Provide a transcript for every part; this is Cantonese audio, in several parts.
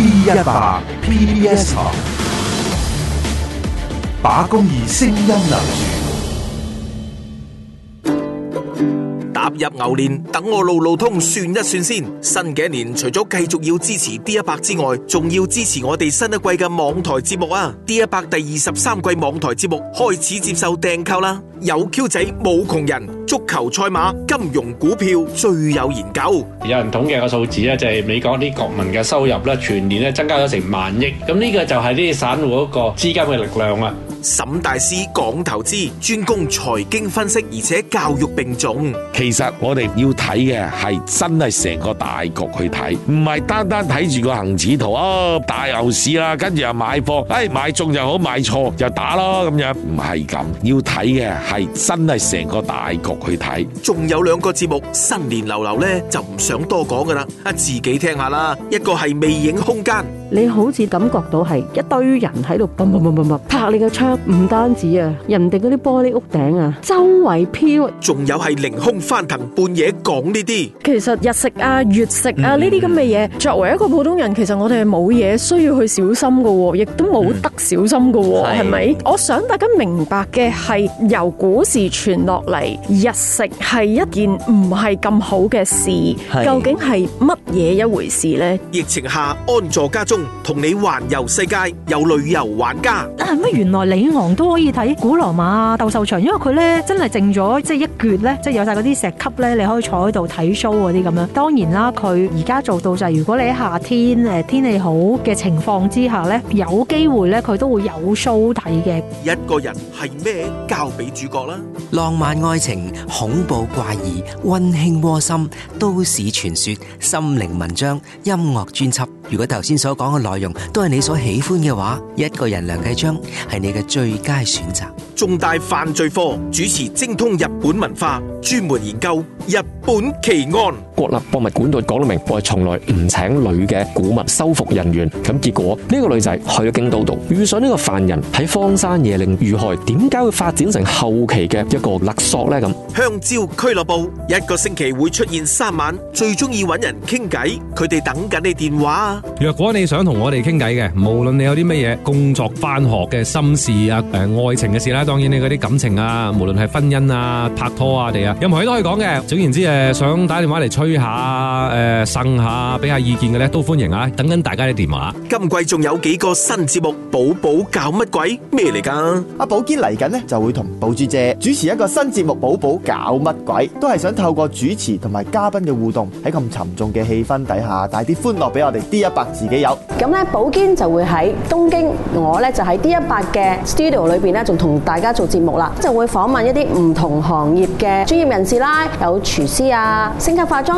P 一百 PBS 台，把公義聲音留住。踏入牛年，等我路路通算一算先。新嘅一年，除咗繼續要支持 D 一百之外，仲要支持我哋新一季嘅網台節目啊！D 一百第二十三季網台節目開始接受訂購啦！有 Q 仔，冇窮人。足球、賽馬、金融、股票，最有研究。有人統計個數字咧，就係美國啲國民嘅收入咧，全年咧增加咗成萬億。咁呢個就係呢啲散戶 𠮶 個資金嘅力量啊！沈大師講投資，專攻財經分析，而且教育並重。其實我哋要睇嘅係真係成個大局去睇，唔係單單睇住個恒指圖哦，大牛市啦，跟住又買貨，哎，買中又好，買錯又打咯咁樣，唔係咁。要睇嘅係真係成個大局去睇。仲有兩個節目，新年流流呢，就唔想多講噶啦，阿自己聽下啦。一個係魅影空間。你好似感覺到係一堆人喺度砰砰砰砰砰拍你個窗，唔單止啊，人哋嗰啲玻璃屋頂啊，周圍飄，仲有係凌空翻騰，半夜講呢啲。其實日食啊、月食啊呢啲咁嘅嘢，作為一個普通人，其實我哋係冇嘢需要去小心㗎，亦都冇得小心㗎，係咪、嗯？我想大家明白嘅係由古時傳落嚟日食係一件唔係咁好嘅事，究竟係乜嘢一回事呢？是疫情下安坐家中。同你環遊世界，有旅遊玩家乜？原來里昂都可以睇古羅馬啊，鬥獸場，因為佢咧真係剩咗，即係一橛咧，即係有晒嗰啲石級咧，你可以坐喺度睇 show 嗰啲咁樣。當然啦，佢而家做到就係，如果你喺夏天誒天氣好嘅情況之下咧，有機會咧佢都會有 show 睇嘅。一個人係咩？交俾主角啦。浪漫愛情、恐怖怪異、溫馨窩心、都市傳說、心靈文章、音樂專輯。如果頭先所講。嘅內容都係你所喜歡嘅話，一個人梁繼昌係你嘅最佳選擇。重大犯罪科主持精通日本文化，專門研究日本奇案。國立博物館度講到明，我係從來唔請女嘅古物修復人員。咁結果呢個女仔去咗京都度，遇上呢個犯人喺荒山野嶺遇害，點解會發展成後期嘅一個勒索呢？咁香蕉俱樂部一個星期會出現三晚，最中意揾人傾偈，佢哋等緊你電話啊！若果你想同我哋傾偈嘅，無論你有啲乜嘢工作、翻學嘅心事啊，誒、呃，愛情嘅事啦，當然你嗰啲感情啊，無論係婚姻啊、拍拖啊，哋啊，任何都可以講嘅。總言之，誒，想打電話嚟催。追下誒，生下俾下意見嘅咧，都歡迎啊！等緊大家嘅電話。今季仲有幾個新節目，寶寶搞乜鬼咩嚟噶？阿寶堅嚟緊咧，就會同寶珠姐主持一個新節目《寶寶搞乜鬼》，都係想透過主持同埋嘉賓嘅互動，喺咁沉重嘅氣氛底下，帶啲歡樂俾我哋 D 一百自己有。咁咧，寶堅就會喺東京，我咧就喺 D 一百嘅 studio 裏邊咧，仲同大家做節目啦，就會訪問一啲唔同行業嘅專業人士啦，有廚師啊，星級化妝。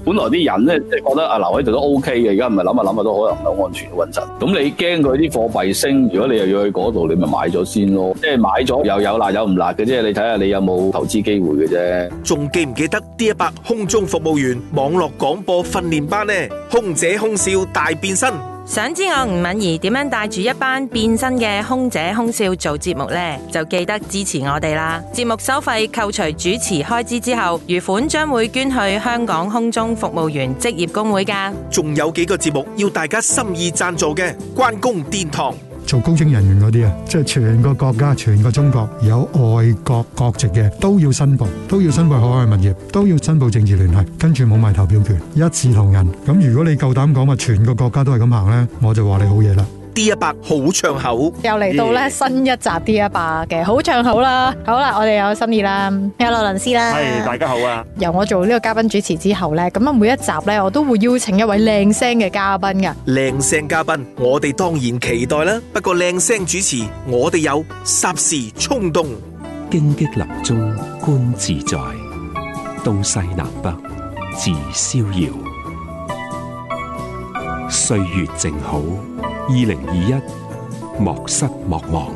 本來啲人咧，即係覺得啊留喺度都 OK 嘅，而家唔係諗下諗下都可能唔係好安全，穩陣。咁你驚佢啲貨幣升，如果你又要去嗰度，你咪買咗先咯。即係買咗又有辣有唔辣嘅啫，你睇下你有冇投資機會嘅啫。仲記唔記得 D100 空中服務員網絡廣播訓練班呢？空姐空少大變身。想知我吳敏儀點樣帶住一班變身嘅空姐空少做節目呢？就記得支持我哋啦！節目收費扣除主持開支之後，餘款將會捐去香港空中服務員職業工會噶。仲有幾個節目要大家心意贊助嘅，關公殿堂。做高精人員嗰啲啊，即係全個國家、全個中國有外國國籍嘅都要申報，都要申報海外物業，都要申報政治聯繫，跟住冇埋投票權，一視同仁。咁如果你夠膽講話全個國家都係咁行呢，我就話你好嘢啦。D 一百好唱口，又嚟到咧新一集 D 一百嘅好唱口啦！好啦，我哋有新意啦，有羅倫斯啦，係、hey, 大家好啊！由我做呢個嘉賓主持之後咧，咁啊每一集咧，我都會邀請一位靚聲嘅嘉賓噶。靚聲嘉賓，我哋當然期待啦。不過靚聲主持，我哋有霎時衝動，荊棘林中觀自在，東西南北自逍遙，歲月正好。二零二一，2021，莫失莫忘。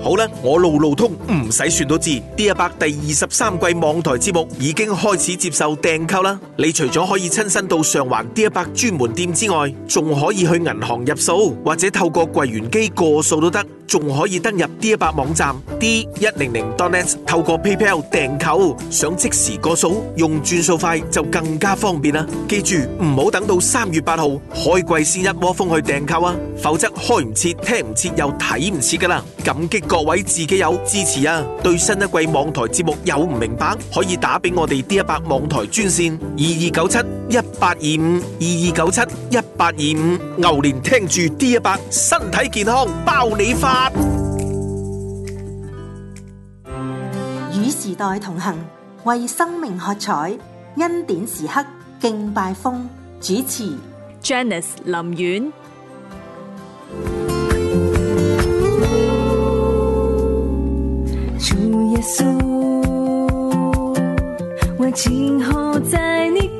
好啦，我路路通，唔使，嗯，算到字。D 一百第二十三季網台節目已經開始接受訂購啦。你除咗可以親身到上環 D 一百專門店之外，仲可以去銀行入數，或者透過櫃員機過數都得。仲可以登入 D100 網站 D100.net，透過 PayPal 訂購，想即時過數，用轉數快就更加方便啦。記住唔好等到三月八號開季先一窩蜂去訂購啊，否則開唔切聽唔切又睇唔切噶啦。感激各位自己有支持啊！對新一季網台節目有唔明白，可以打俾我哋 D100 網台專線二二九七一八二五二二九七一。八二五牛年，聽住 D 100，身體健康包你發。與時代同行，為生命喝彩，恩典時刻敬拜風。風主持 Janice 林苑，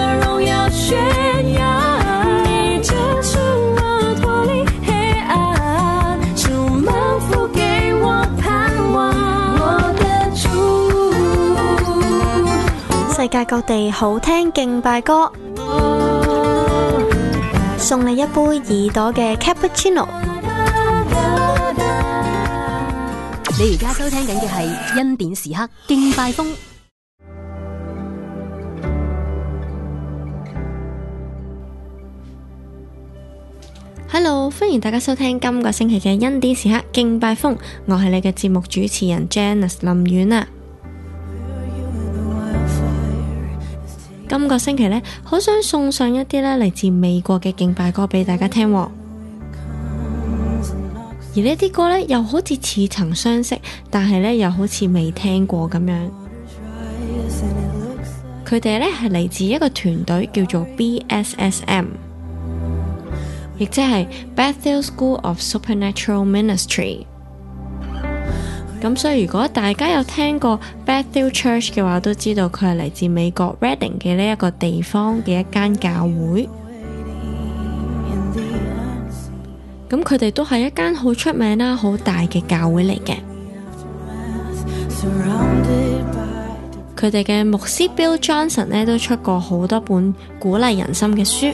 世界各地好聽敬拜歌，送你一杯耳朵嘅 cappuccino。你而家收聽緊嘅係恩典時刻敬拜風。Hello，歡迎大家收聽今個星期嘅恩典時刻敬拜風，我係你嘅節目主持人 Janice 林苑啊。今個星期咧，好想送上一啲咧嚟自美國嘅敬拜歌俾大家聽啊，而呢啲歌咧又好似似曾相識，但係咧又好似未聽過咁樣。佢哋咧係嚟自一個團隊叫做 BSSM，亦即係 Bethel School of Supernatural Ministry。咁所以如果大家有聽過 Bethel Church 嘅話，都知道佢係嚟自美國 Reading 嘅呢一個地方嘅一間教會。咁佢哋都係一間好出名啦，好大嘅教會嚟嘅。佢哋嘅牧師 Bill Johnson 呢，都出過好多本鼓勵人心嘅書。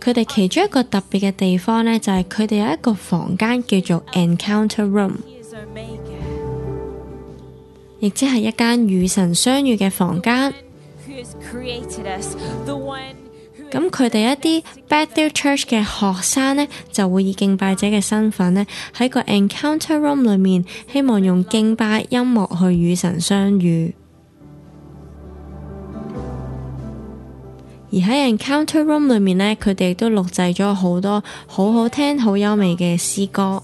佢哋其中一個特別嘅地方呢，就係佢哋有一個房間叫做 Encounter Room，亦即係一間與神相遇嘅房間。咁佢哋一啲 Bethel Church 嘅學生呢，就會以敬拜者嘅身份呢，喺個 Encounter Room 裏面，希望用敬拜音樂去與神相遇。而喺 Encounter Room 裏面呢，佢哋都錄製咗好多好好聽、好優美嘅詩歌。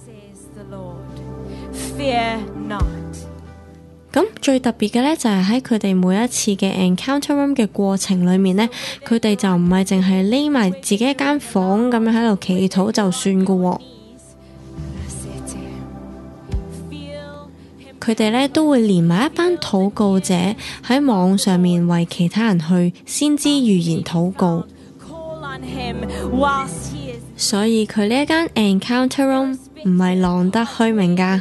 咁 最特別嘅呢，就係喺佢哋每一次嘅 Encounter Room 嘅過程裏面呢，佢哋就唔係淨係匿埋自己一間房咁樣喺度祈禱就算㗎喎。佢哋咧都會連埋一班禱告者喺網上面為其他人去先知預言禱告，嗯、討所以佢呢一間 encounter room 唔係浪得虛名噶。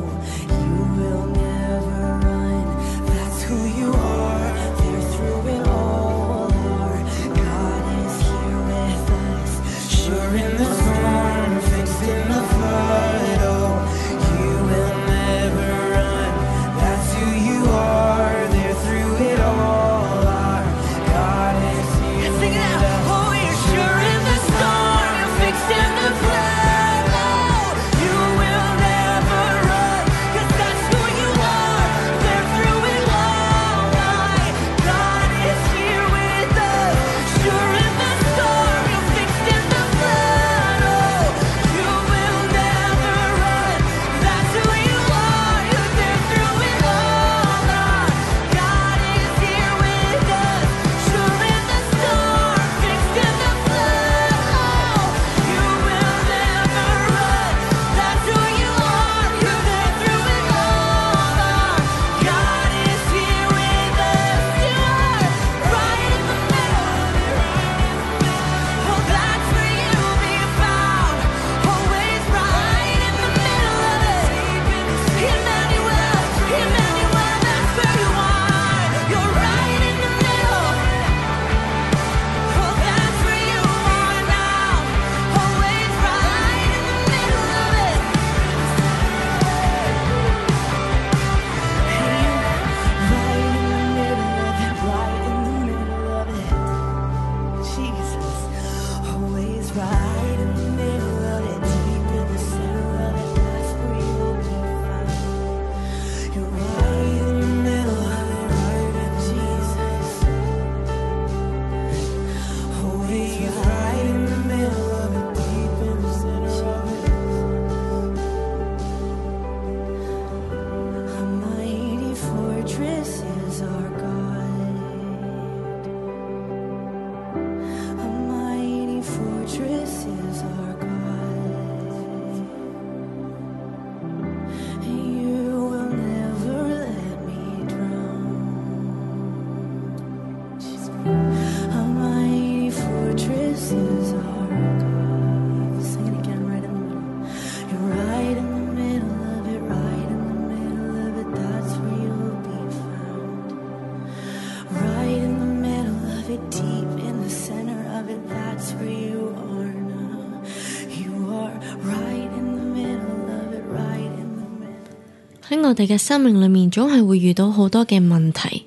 我哋嘅生命裏面總係會遇到好多嘅問題，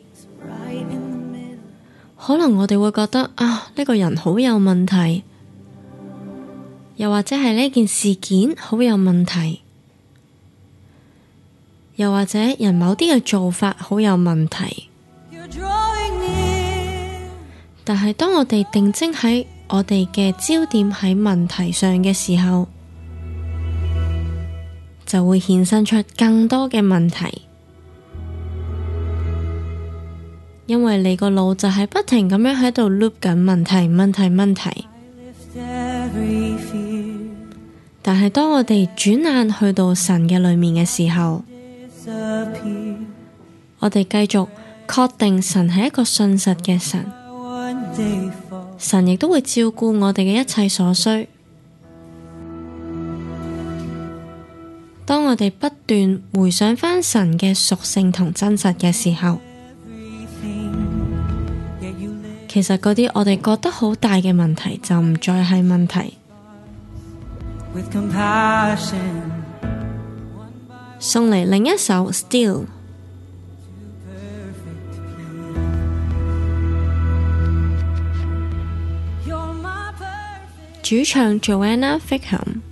可能我哋會覺得啊呢個人好有問題，又或者係呢件事件好有問題，又或者人某啲嘅做法好有問題。但係當我哋定睛喺我哋嘅焦點喺問題上嘅時候，就會衍生出更多嘅問題，因為你個腦就係不停咁樣喺度 loop 緊問題、問題、問題。但係當我哋轉眼去到神嘅裏面嘅時候，我哋繼續確定神係一個信實嘅神，神亦都會照顧我哋嘅一切所需。當我哋不斷回想翻神嘅屬性同真實嘅時候，其實嗰啲我哋覺得好大嘅問題，就唔再係問題。送嚟另一首《Still》，主唱 Joanna Fickham。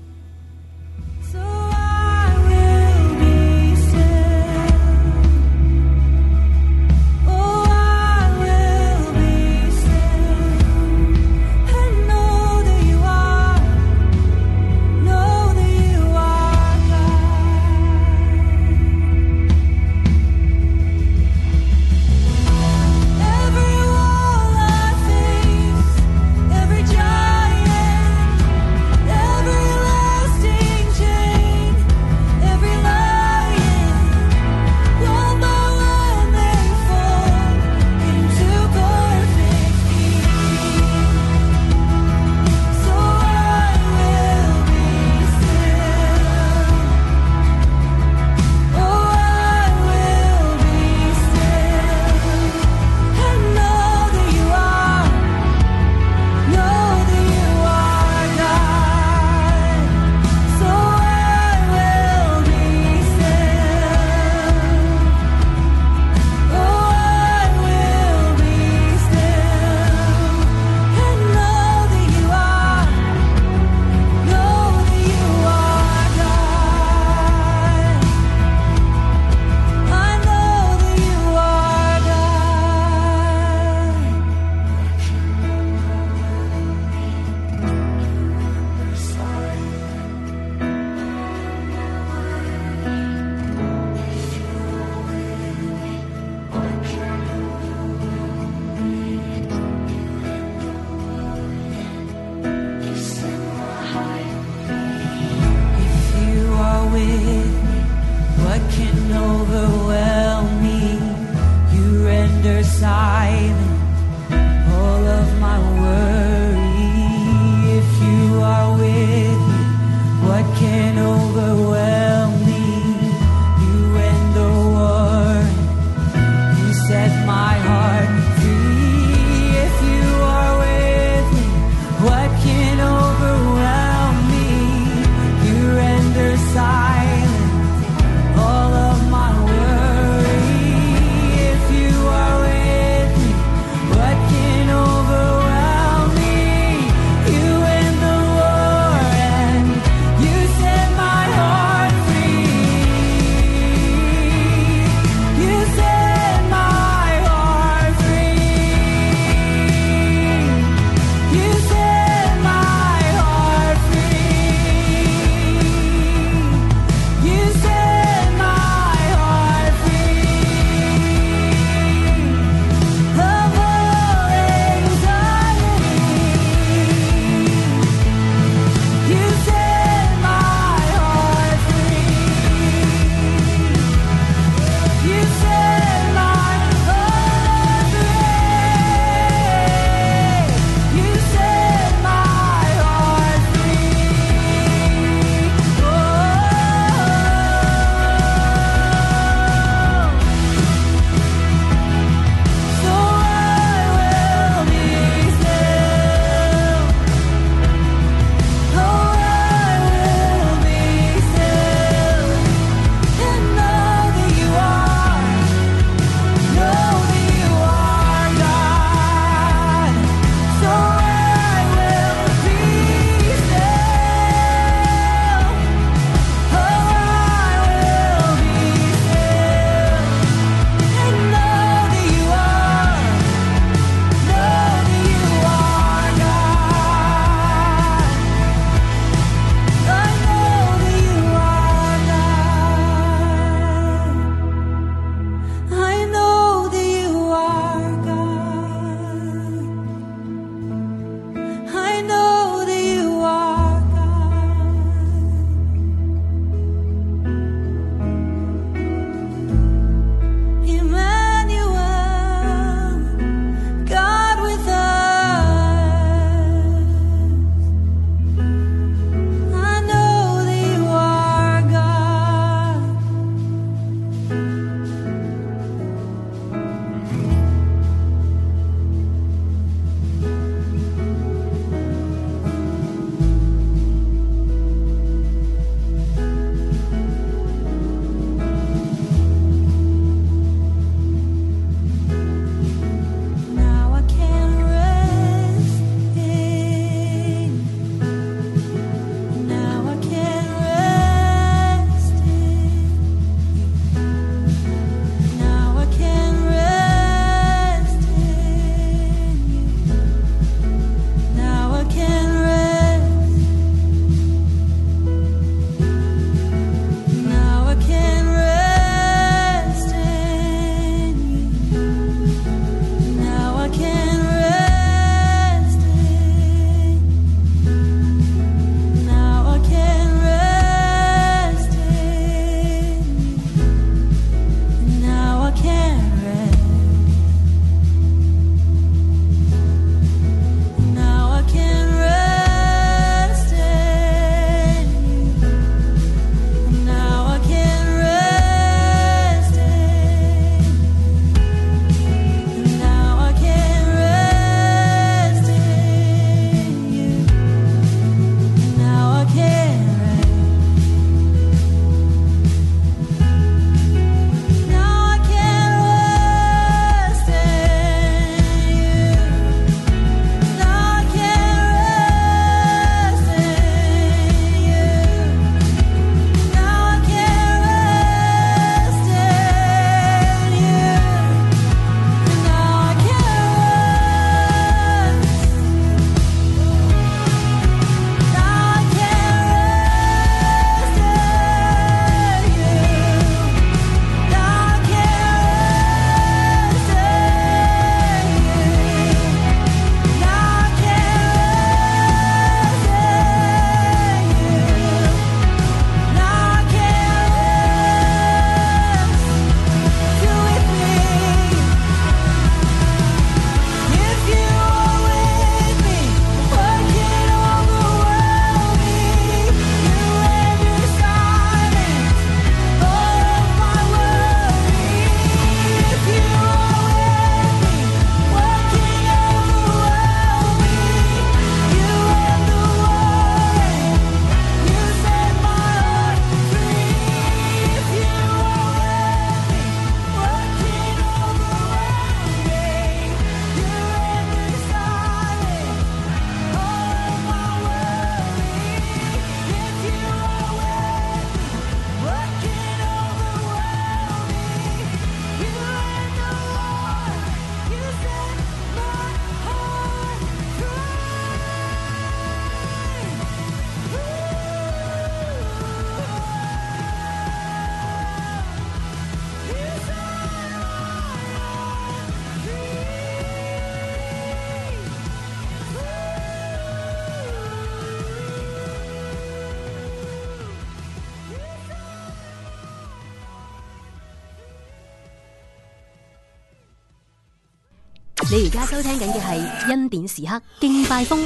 恩典時刻，敬拜風，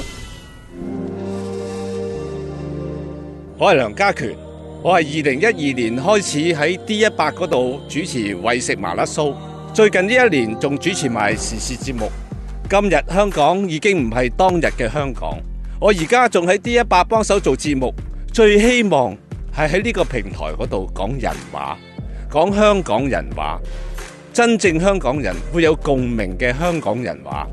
我係梁家權，我係二零一二年開始喺 D 一百嗰度主持為食麻辣酥，最近呢一年仲主持埋時事節目。今日香港已經唔係當日嘅香港，我而家仲喺 D 一百幫手做節目，最希望係喺呢個平台嗰度講人話，講香港人話，真正香港人會有共鳴嘅香港人話。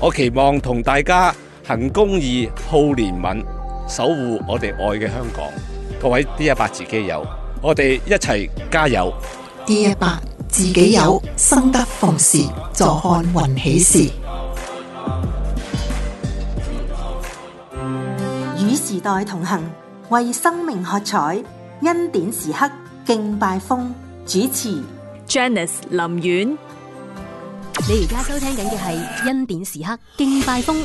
我期望同大家行公義、好憐憫、守護我哋愛嘅香港。各位 D 一八自己友，我哋一齊加油。D 一八自己友，生得逢時，坐看雲起時，與時代同行，為生命喝彩，恩典時刻，敬拜風。風主持 Janice 林苑。你而家收聽緊嘅係《恩典時刻》敬拜風。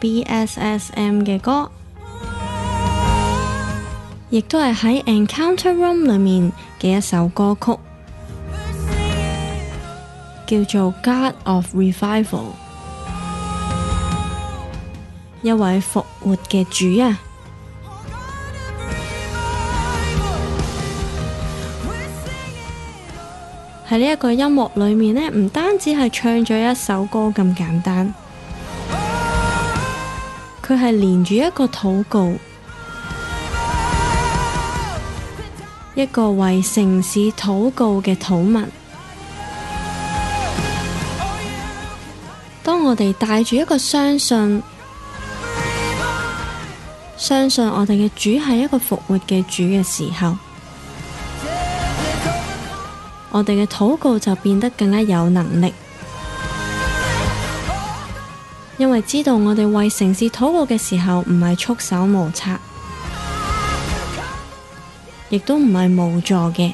BSSM 嘅歌， 亦都係喺 Encounter Room 裏面嘅一首歌曲，叫做《God of Revival，》 一位復活嘅主啊！喺呢一個音樂裏面呢，唔單止係唱咗一首歌咁簡單。佢係連住一個禱告，一個為城市禱告嘅禱文。當我哋帶住一個相信，相信我哋嘅主係一個復活嘅主嘅時候，我哋嘅禱告就變得更加有能力。因為知道我哋為城市禱告嘅時候，唔係束手無策，亦都唔係無助嘅，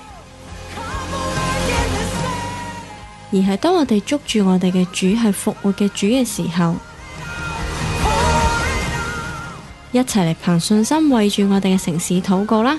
而係當我哋捉住我哋嘅主係復活嘅主嘅時候，一齊嚟憑信心為住我哋嘅城市禱告啦！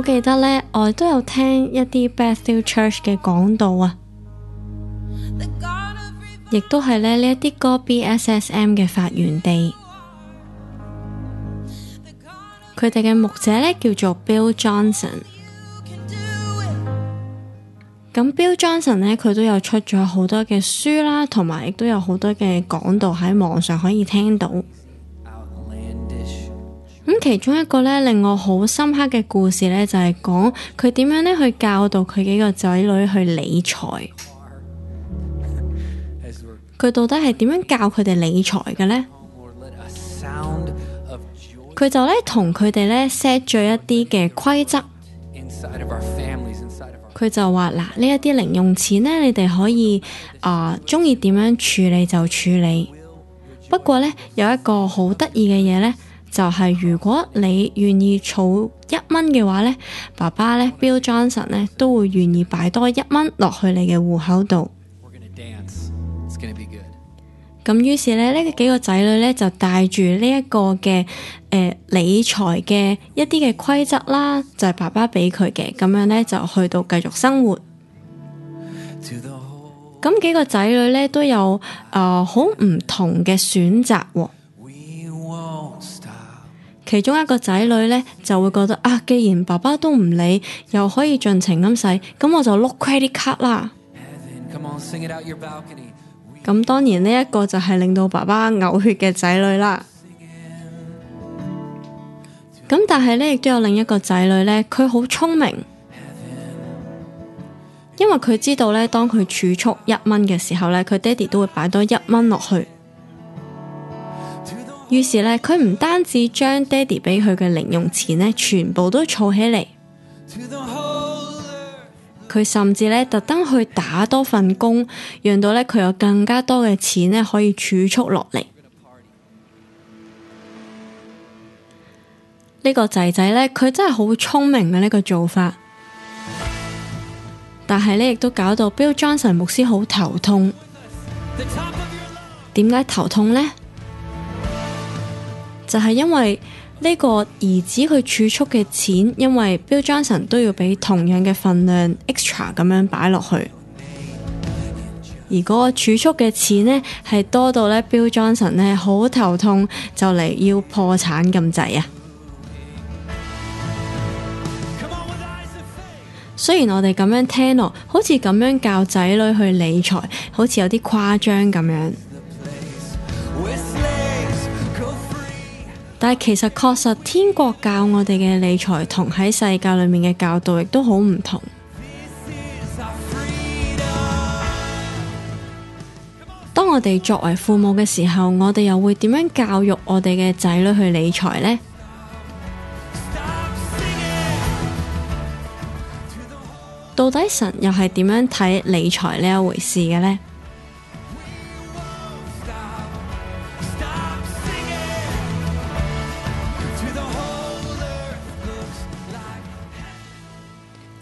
我記得呢，我都有聽一啲 Bethel Church 嘅講道啊，亦都係咧呢一啲歌 BSSM 嘅發源地。佢哋嘅牧者呢叫做 Bill Johnson。咁 Bill Johnson 呢，佢都有出咗好多嘅書啦，同埋亦都有好多嘅講道喺網上可以聽到。咁其中一個咧令我好深刻嘅故事咧，就係講佢點樣咧去教導佢幾個仔女去理財。佢 到底係點樣教佢哋理財嘅呢？佢 就咧同佢哋咧 set 咗一啲嘅規則。佢 就話嗱，呢一啲零用錢呢，你哋可以啊，中意點樣處理就處理。 不過呢，有一個好得意嘅嘢呢。」就係如果你願意儲一蚊嘅話呢，爸爸呢，Bill Johnson 呢，都會願意擺多一蚊落去你嘅戶口度。咁於是呢呢幾個仔女呢、呃，就帶住呢一個嘅理財嘅一啲嘅規則啦，就係爸爸俾佢嘅，咁樣呢，就去到繼續生活。咁幾個仔女呢，都有誒好唔同嘅選擇。其中一個仔女呢，就會覺得啊，既然爸爸都唔理，又可以盡情咁使，咁我就碌 credit card 啦。咁當然呢一個就係令到爸爸嘔血嘅仔女啦。咁 但係呢亦都有另一個仔女呢，佢好聰明，因為佢知道呢，當佢儲蓄一蚊嘅時候呢，佢爹哋都會擺多一蚊落去。於是呢，佢唔單止將爹地俾佢嘅零用錢呢全部都儲起嚟，佢、er、甚至呢特登去打多份工，讓到呢佢有更加多嘅錢呢可以儲蓄落嚟。呢個仔仔呢，佢真係好聰明嘅、啊、呢、呢個做法，但係呢，亦都搞到 Bill Johnson 牧師好頭痛。點解頭痛呢？就係因為呢個兒子佢儲蓄嘅錢，因為 b j 神都要俾同樣嘅份量 extra 咁樣擺落去。如果儲蓄嘅錢呢，係多到呢 b j 神呢好頭痛，就嚟要破產咁滯啊！雖然我哋咁樣聽落，好似咁樣教仔女去理財，好似有啲誇張咁樣。但係其實確實天國教我哋嘅理財同喺世界裏面嘅教導亦都好唔同。當我哋作為父母嘅時候，我哋又會點樣教育我哋嘅仔女去理財呢？Stop, Stop 到底神又係點樣睇理財呢一回事嘅呢？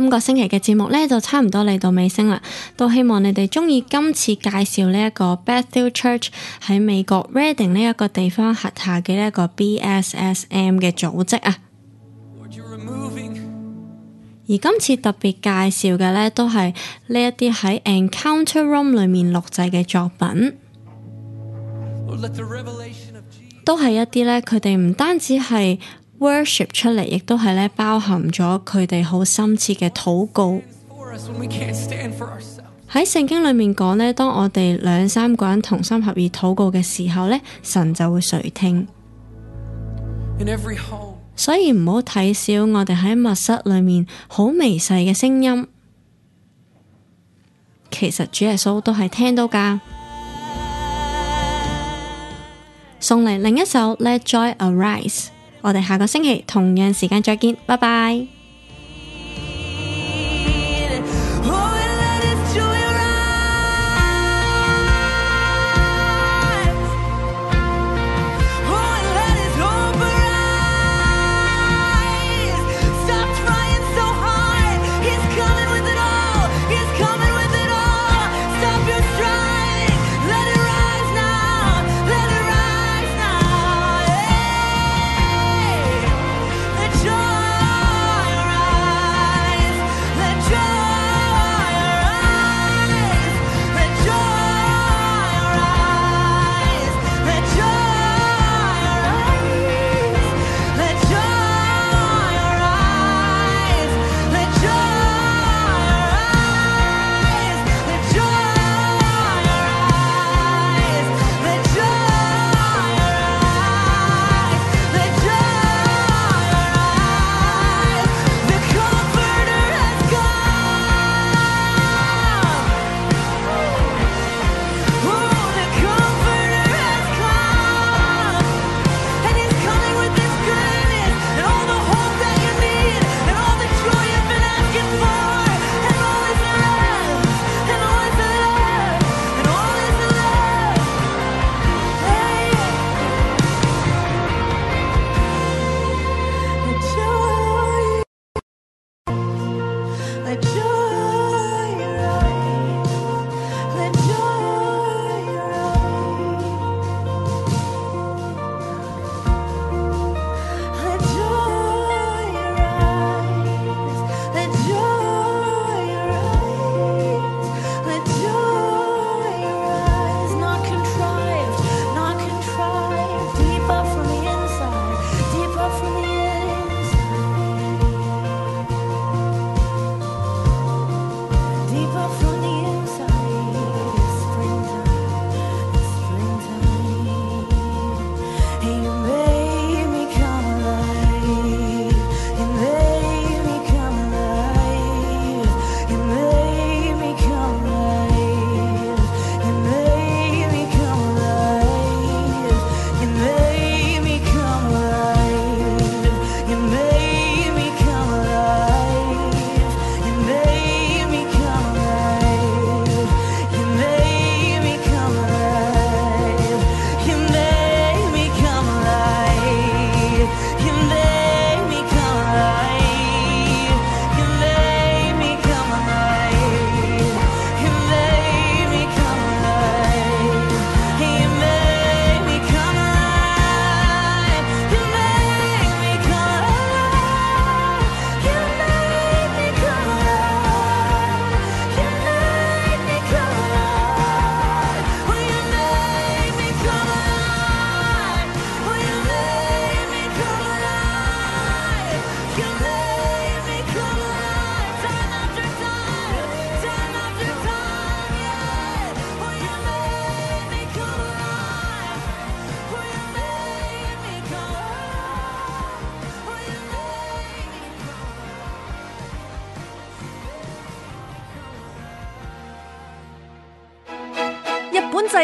今個星期嘅節目呢，就差唔多嚟到尾聲啦。都希望你哋中意今次介紹呢一個 Bethel Church 喺美國 Reading 呢一個地方轄下嘅呢一個 BSSM 嘅組織啊。Lord, re 而今次特別介紹嘅呢，都係呢一啲喺 Encounter Room 裏面錄製嘅作品，Lord, 都係一啲呢。佢哋唔單止係。Worship 出嚟，亦都係咧，包含咗佢哋好深切嘅禱告。喺聖 every 經裏面講，呢當我哋兩三個人同心合意禱告嘅時候，呢神就會垂聽。In every home, 所以唔好睇小我哋喺密室裏面好微細嘅聲音，其實主耶穌都係聽到噶。送嚟另一首 Let Joy Arise。我哋下個星期同樣時間再見，拜拜。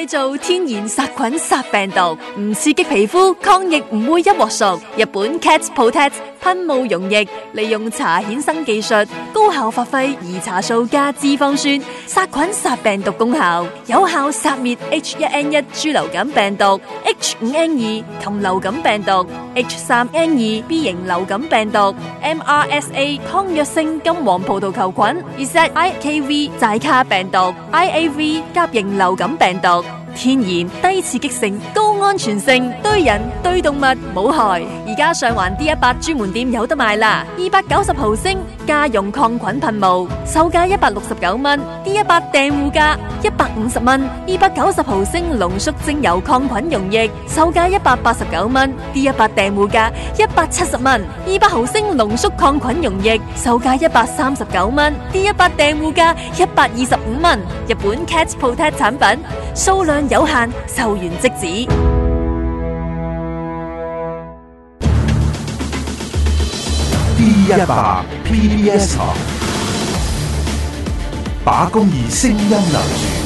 做天然殺菌、殺病毒，唔刺激皮膚，抗疫唔會一鑊熟。日本 Cats Potats 噴霧溶液利用茶衍生技術，高效發揮兒茶素加脂肪酸殺菌殺病毒功效，有效殺滅 H 一 N 一豬流感病毒、H 五 N 二禽流感病毒、H 三 N 二 B 型流感病毒、MRSA 抗藥性金黃葡萄球菌、ZIKV 寨卡病毒、IAV 甲型流感病毒，天然低刺激性高。安全性對人對動物冇害，而家上環 D100 專門店有得賣啦。二百九十毫升家用抗菌噴霧，售價一百六十九蚊，D100 訂戶價一百五十蚊。二百九十毫升濃縮精油抗菌溶液，售價一百八十九蚊，D100 訂戶價一百七十蚊。二百毫升濃縮抗菌溶液，售價一百三十九蚊，D100 訂戶價一百二十五蚊。日本 Catch Protect 產品，數量有限，售完即止。一百 PBS 台，把公義聲音留住。